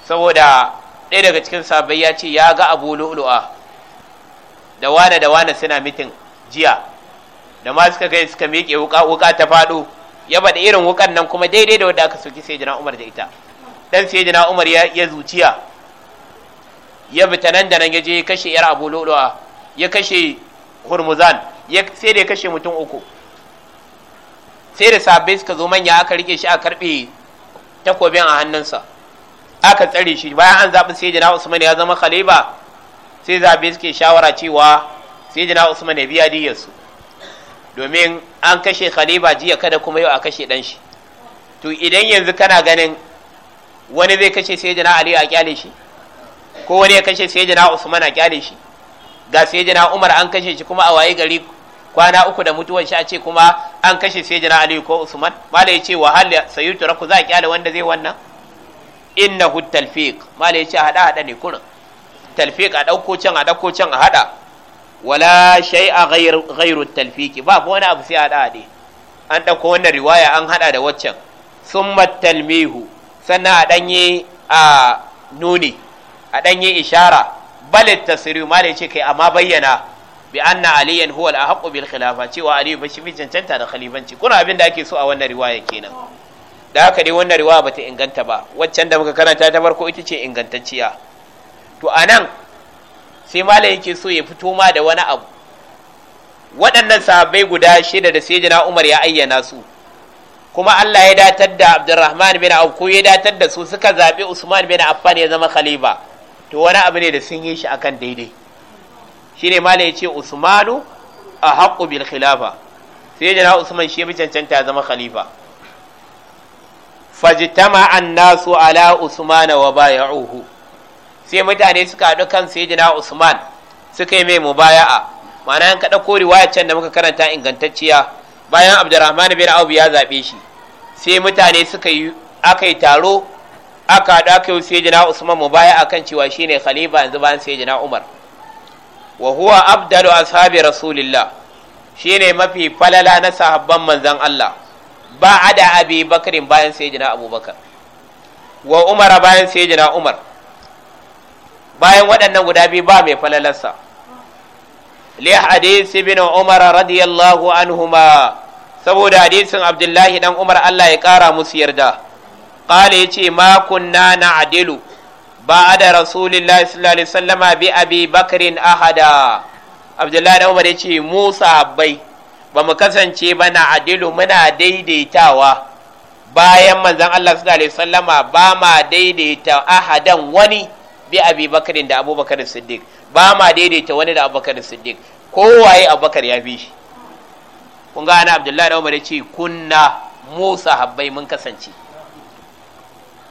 saboda ɗaya daga cikin sabai ya ce ya ga abu lu'lu'a da wane da wane suna mitin jiya da ma suka gani suka miƙe wuka ta faɗo ya bada irin wukan nan kuma daidai da wanda aka soki sai jina umar da ita Ɗan sai jina umar ya zuciya ya bi nan da nan ya je kashe yar abu lu'lu'a ya kashe hurmuzan sai da ya kashe mutum uku sai da sabai suka zo manya aka rike shi a karbe takobin a hannunsa aka tsare shi bayan an zaɓi sai jina usman ya zama khalifa sai zabe suke shawara cewa sai jina usman ya biya diyarsu domin an kashe khalifa jiya kada kuma yau a kashe dan shi to idan yanzu kana ganin wani zai kashe sai jina ali a kyale shi ko wani ya kashe sai jina usman a kyale shi ga sai jina umar an kashe shi kuma a waye gari kwana uku da mutuwan shi a ce kuma an kashe sayyidina ali ko usman malai yace wa hal ku za kyale wanda zai wannan innahu talfiq malai yace hada hada ne kurin talfiq a dauko can a dauko can a hada wala shay'a ghayr ghayru talfiq ba wani abu sai hada hade an dauko wannan riwaya an hada da waccan summa talmihu sannan a danye a nuni a danye ishara balit tasiri mala yace kai amma bayyana bi anna aliyan huwa al haqqu bil khilafa cewa ali ba shi cancanta da khalifanci kuna abin da ake so a wannan riwaya kenan da haka dai wannan riwaya bata inganta ba waccan da muka karanta ta farko ita ce ingantacciya to anan sai malai yake so ya fito ma da wani abu waɗannan sahabbai guda shida da sai sayyidina Umar ya ayyana su kuma Allah ya datar da Abdurrahman bin Auf ko ya datar da su suka zaɓi Usman bin Affan ya zama khalifa to wani abu ne da sun yi shi akan daidai shine malai ce usmanu a haqqu bil khilafa sai na usman shi bi cancanta zama khalifa Fajitama an-nasu ala usman wa uhu sai mutane suka haɗu kan sai na usman suka yi mai a ma'ana yanka ɗauko riwayar can da muka karanta ingantacciya bayan abdurrahman bin Abu ya zaɓe shi sai mutane suka yi aka yi taro aka haɗu aka yi sai na usman mu a kan cewa shine khalifa yanzu bayan na umar wa huwa abdalu ashabi rasulillah shine mafi falala na sahabban manzon Allah ba ada abi bakarin bayan sayyidina abubakar wa umara bayan sayyidina umar bayan waɗannan guda biyu ba mai falalarsa li hadisi bin umar radiyallahu anhuma saboda hadisin abdullahi dan umar Allah ya kara musu yarda qala yace ma kunna na adilu بعد رسول الله صلى الله عليه وسلم بأبي بكر أحدا عبد الله بن عمر Musa موسى ba mu kasance ba na adilu muna daidaitawa bayan manzon Allah sallallahu alaihi wasallama ba ma daidaita ahadan wani bi Abi Bakr da Abubakar Siddiq ba ma daidaita wani da Abubakar Siddiq kowaye Abubakar ya bi kun ga ana Abdullahi da Umar ya ce kunna Musa habbai mun kasance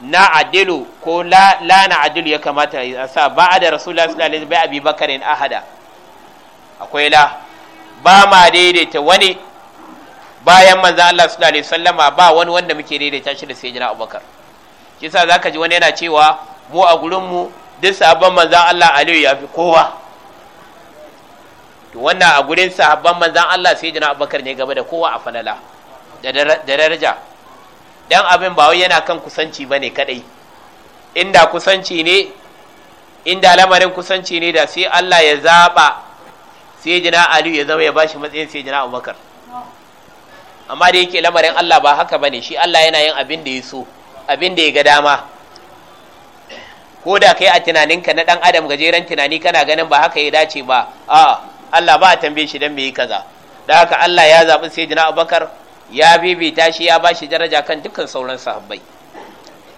na adilu ko la, la na adilu ya kamata a sa ba a da rasulullah sallallahu alaihi bai abi bakarin ahada akwai la ba ma daidaita wani bayan manzan Allah sallallahu alaihi wasallam ba wani wanda muke daidaita shi da sayyidina Abubakar kisa zaka ji wani yana cewa mu a gurin mu duk sahabban manzan Allah Aliyu ya fi kowa to wannan a gurin sahabban manzan Allah sayyidina Abubakar ne gaba da kowa a falala da daraja dan abin ba wai yana kan kusanci ne kaɗai inda kusanci ne inda lamarin kusanci ne da sai Allah ya zaɓa sai jina Ali ya zama ya bashi matsayin sai jina Abubakar amma da yake lamarin Allah ba haka ba ne, shi Allah yana yin abin da ya so abin da ya ga dama ko da kai a tunaninka na ɗan adam gajeren tunani kana ganin ba haka ya dace ba a Allah ba a tambaye shi don me yi kaza da haka Allah ya zaɓi sai jina Abubakar ya bibita shi ya bashi daraja kan dukkan sauran sahabbai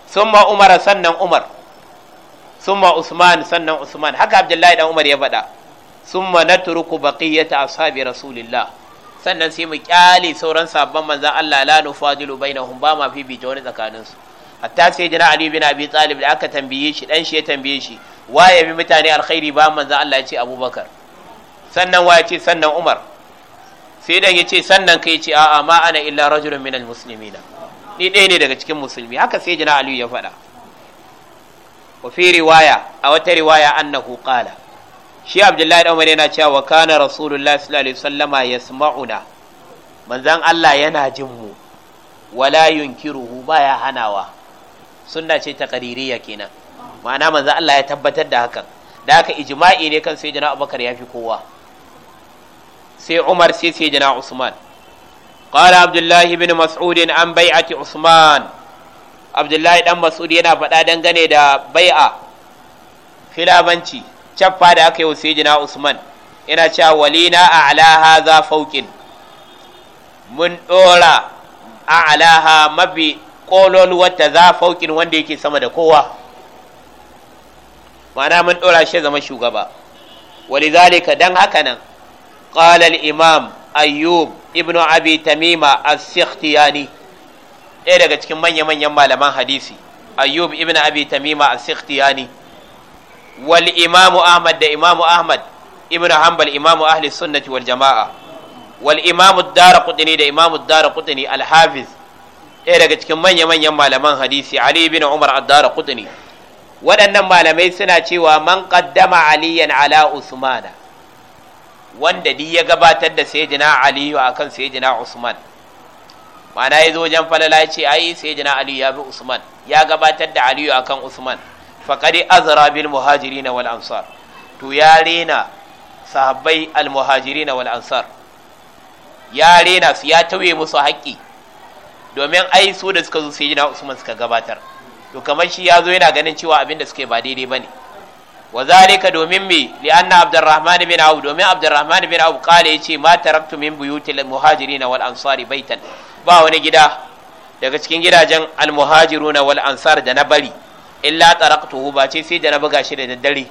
summa umar sannan umar summa usman sannan usman haka abdullahi dan umar ya faɗa summa natruku ya ashabi rasulillah sannan sai mu kyale sauran sabban manzan Allah la nufadilu bainahum ba ma bibita wani tsakaninsu hatta sai jina ali bin abi talib da aka tambaye shi dan shi ya tambaye shi waye bi mutane alkhairi ba manzan Allah ya ce abubakar sannan waye ce sannan umar sai dan yace sannan kai yace a'a ma ana illa rajulun minal muslimina ni ɗaya ne daga cikin musulmi haka sai jina aliyu ya faɗa wa fi riwaya a wata riwaya annahu qala shi abdullahi dan umar yana cewa kana rasulullahi sallallahu alaihi wasallama yasma'una manzon Allah yana jin mu wala yunkiruhu baya hanawa sunna ce ta taqririyya kenan ma'ana manzon Allah ya tabbatar da hakan da haka ijma'i ne kan sayyidina Abubakar ya fi kowa sai Umar sai sai jina Usman qala Abdullah ibn Mas'ud an bai'ati Usman Abdullah dan Mas'ud yana faɗa dangane da bai'a Filabanci cappa da aka yi wa Usman yana cewa walina a'laha za fauqin mun dora a'laha mabi kololuwar wata za wanda yake sama da kowa ma'ana mun ɗora shi zama shugaba walizalika dan haka nan قال الإمام أيوب ابن أبي تميمة السختياني ɗaya daga cikin manya-manyan malaman hadisi ayyub ibn abi tamima as wal imamu ahmad da imamu ahmad ibn hanbal imamu ahli sunnati wal jama'a wal imamu darqutni da imamu darqutni al-hafiz ɗaya daga cikin manya-manyan malaman hadisi ali ibn umar ad-darqutni waɗannan malamai suna cewa man qaddama aliyan ala usmana wanda di ya gabatar da sayyidina aliyu akan sayyidina usman mana yazo wajen falala ya ce ai sayyidina aliyu ya bi usman ya gabatar da aliyu akan usman faqadi azra bil muhajirin wal ansar to ya rena sahabbai al muhajirin wal ansar ya rena su ya tauye musu haƙƙi domin ai su da suka zo sayyidina usman suka gabatar to kamar shi yazo yana ganin cewa abin da suke ba daidai bane ne wa zalika domin me li anna abdurrahman bin auf domin abdurrahman bin auf kale yace ma taraktu min buyutil muhajirin wal ansari baitan ba wani gida daga cikin gidajen almuhajiruna wal ansar da na bari illa taraktuhu ba ce sai da na buga shi da daddare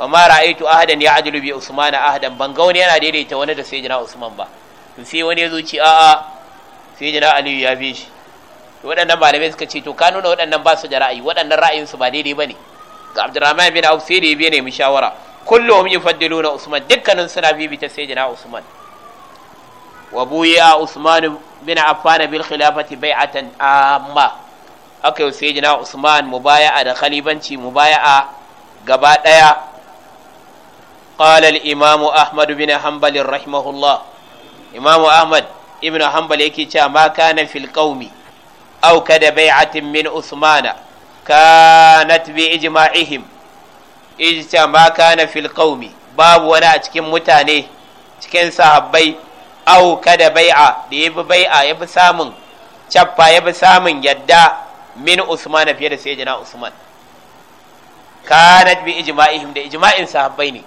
wa ma ra'aytu ahadan ya adlu bi usman ahadan ban ga wani yana daidaita wani da sayyidina usman ba sai wani ya zo ci a'a sayyidina aliyu ya bi shi waɗannan malamai suka ce to ka nuna waɗannan ba su da ra'ayi waɗannan ra'ayinsu ba daidai ne. ga abdurrahman bin auf sai da ya bene mu shawara kullum yufaddiluna usman dukkanin suna bibita sai sayyidina usman wa buya usman bin affan bil khilafati bai'atan amma aka yi sayyidina usman mubaya'a da khalibanci mubaya'a gaba daya قال الإمام أحمد بن حنبل رحمه الله إمام أحمد ابن حنبل يكي ما كان في القوم أو كد بيعة من عثمان kanat bi ijma'ihim ijtama kana fil qaumi babu wani a cikin mutane cikin sahabbai au kada bai'a da yabi bai'a yafi samun cappa yabi samun yadda min Usman fiye da sayyidina Usman kanat bi ijma'ihim da ijma'in sahabbai ne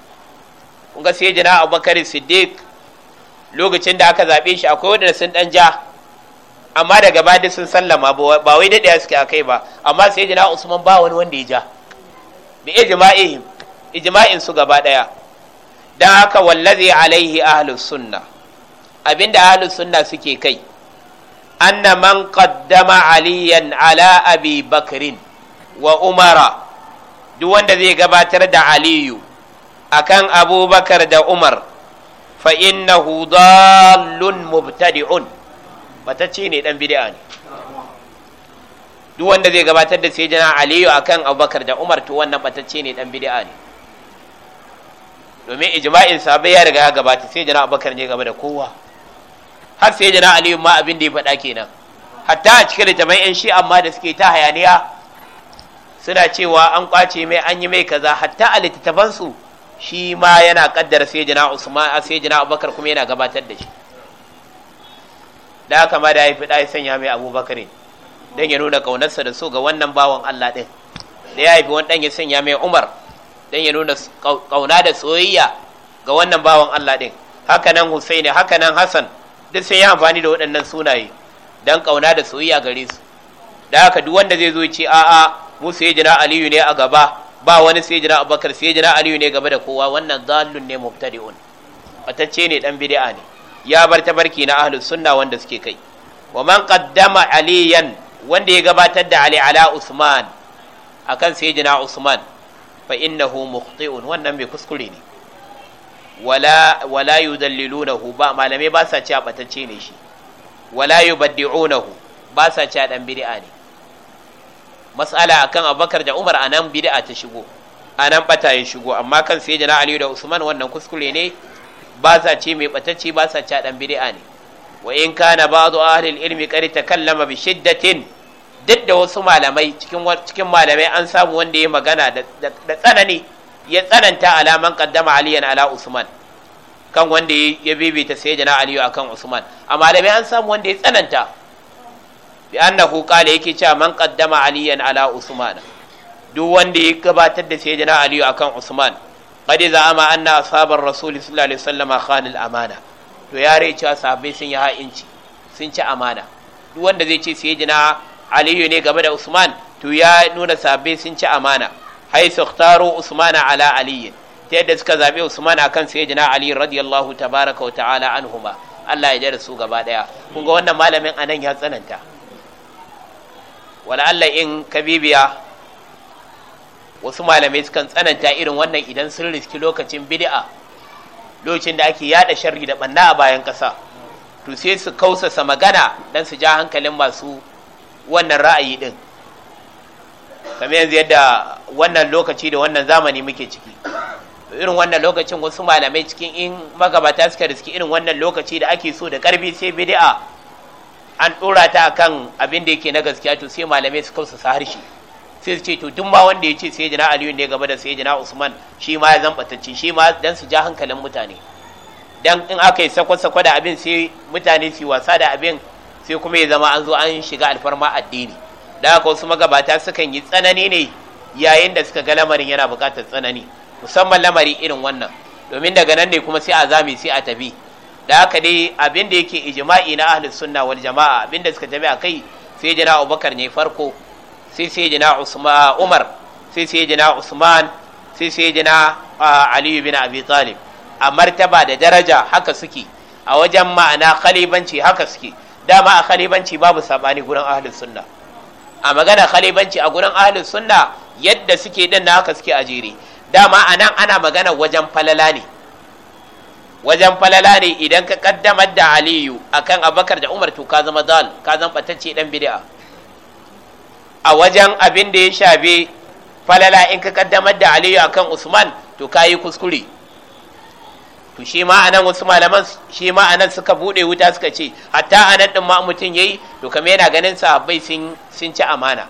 kun ga sayyidina Abubakar Siddiq lokacin da aka zabe shi akwai wanda sun dan ja amma daga bada sun sallama ba wai daɗe suke akai ba amma sai jina usman ba wani wanda ya ja bi ijma'ihim ijma'in su gaba daya dan haka wallazi alaihi ahlus sunna abinda ahlus sunna suke kai anna man qaddama aliyan ala abi bakrin wa umara duk wanda zai gabatar da aliyu akan abubakar da umar fa innahu dallun mubtadi'un matacce ne dan bid'a ne duk wanda zai gabatar da sayyidina aliyu akan abubakar da umar to wannan matacce ne dan bid'a ne domin ijma'in sahabbai ya riga ya gabata sayyidina abubakar ne gaba da kowa har sayyidina aliyu ma abin da ya faɗa kenan hatta a cikin jama'in yan shi amma da suke ta hayaniya suna cewa an kwace mai an yi mai kaza hatta a littattafansu shi ma yana kaddara sayyidina usman sayyidina abubakar kuma yana gabatar da shi da aka ma da ya fi da ya sanya mai abubakar don ya nuna kaunarsa da so ga wannan bawan Allah ɗin da ya haifi wani ɗan ya sanya mai umar don ya nuna kauna da soyayya ga wannan bawan Allah ɗin haka nan Hussein haka nan Hassan duk sai ya amfani da waɗannan sunaye don kauna da soyayya gare su da haka duk wanda zai zo ce a'a mu sai jira Aliyu ne a gaba ba wani sai jira Abubakar sai jira Aliyu ne gaba da kowa wannan zalun ne mubtadi'un batacce ne dan bid'a ne ya bar ta barki na ahlus sunna wanda suke kai wa man qaddama aliyan wanda ya gabatar da ali ala usman akan sayyidina usman fa innahu mukhti'un wannan bai kuskure ne wala wala yudallilunahu ba malamai ba sa cewa batacce ne shi wala yubaddi'unahu ba sa cewa dan bid'a ne mas'ala akan abubakar da umar anan bid'a ta shigo anan bata ya shigo amma kan sayyidina ali da usman wannan kuskure ne ba sa ce mai batacce ba sa ca bid'a ne wa in kana ba'du ahli ilmi qad takallama bi shiddatin duk da wasu malamai cikin cikin malamai an samu wanda ya magana da tsanani ya tsananta alaman qaddama aliyan ala usman kan wanda ya bibita sayyidina aliyu akan usman a malamai an samu wanda ya tsananta bi annahu qala yake cewa man qaddama aliyan ala usman duk wanda ya gabatar da sayyidina aliyu akan usman qad za'ama anna ashabar rasuli sallallahu alaihi wasallam khanul amana to yare cewa sahabbai sun yi ha'inci sun ci amana duk wanda zai ce sayyidina aliyu ne game da usman to ya nuna sahabbai sun ci amana haythu ikhtaru usmana ala Aliyu. ta yadda suka zabe usman akan sayyidina ali radiyallahu tabaraka wa ta'ala anhuma Allah ya jara su gaba daya kun ga wannan malamin anan ya tsananta wala Allah in kabibiya wasu malamai sukan tsananta irin wannan idan sun riski lokacin bid'a lokacin da ake yada sharri da banna a bayan ƙasa to sai su kausasa magana don su ja hankalin masu wannan ra'ayi din kamar yanzu yadda wannan lokaci da wannan zamani muke ciki irin wannan lokacin wasu malamai cikin in magabata suka riski irin wannan lokaci da ake so da karfi sai bid'a an dora ta kan abin da yake na gaskiya to sai malamai su kausa harshe sai su ce to duk ma wanda ya ce sai jina aliyu ne game da sai jina usman shi ma ya zambatacce shi ma dan su ja hankalin mutane dan in aka yi sakwa-sakwa da abin sai mutane su wasa da abin sai kuma ya zama an zo an shiga alfarma addini da haka wasu magabata sukan yi tsanani ne yayin da suka ga lamarin yana buƙatar tsanani musamman lamari irin wannan domin daga nan ne kuma sai a zame sai a tafi da haka dai abin da yake ijma'i na ahlus sunna wal jama'a abin da suka tafi kai sai jira abubakar ne farko sai sai jina Umar sai sai jina Usman sai sai jina Ali bin Abi Talib a martaba da daraja haka suke a wajen ma'ana khalibanci haka suke dama a khalibanci babu sabani gurin ahlus sunna a magana khalibanci a gurin ahlus sunna yadda suke din na haka suke a jere dama nan ana magana wajen falala ne wajen falala ne idan ka kaddamar da aliyu akan abakar da umar to ka zama dal ka zama batacce dan bid'a a wajen abin da ya shafi falala in ka kaddamar da aliyu akan usman to kayi kuskure to shi ma anan wasu malaman shi ma anan suka bude wuta suka ce hatta anan din ma mutum yayi to kamar yana ganin sahabbai sun sun ci amana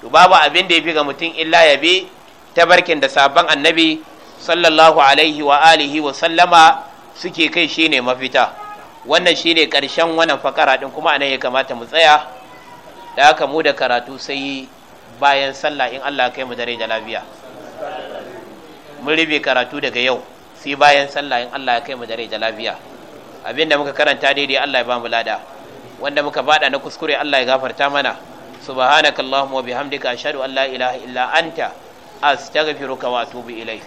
to babu abin da ya bi ga mutum illa ya bi tabarkin da sabon annabi sallallahu alaihi wa alihi wa sallama suke kai shine mafita wannan shine karshen wannan fakara din kuma anan ya kamata mu tsaya da aka mu da karatu sai bayan sallah in Allah kai mu dare da lafiya mun ribe karatu daga yau sai bayan sallah in Allah kai mu dare da lafiya abinda muka karanta daidai Allah ya ba mu lada wanda muka bada na kuskure Allah ya gafarta mana subhanakallahumma wa bihamdika ashhadu an la ilaha illa anta astaghfiruka wa atubu ilayk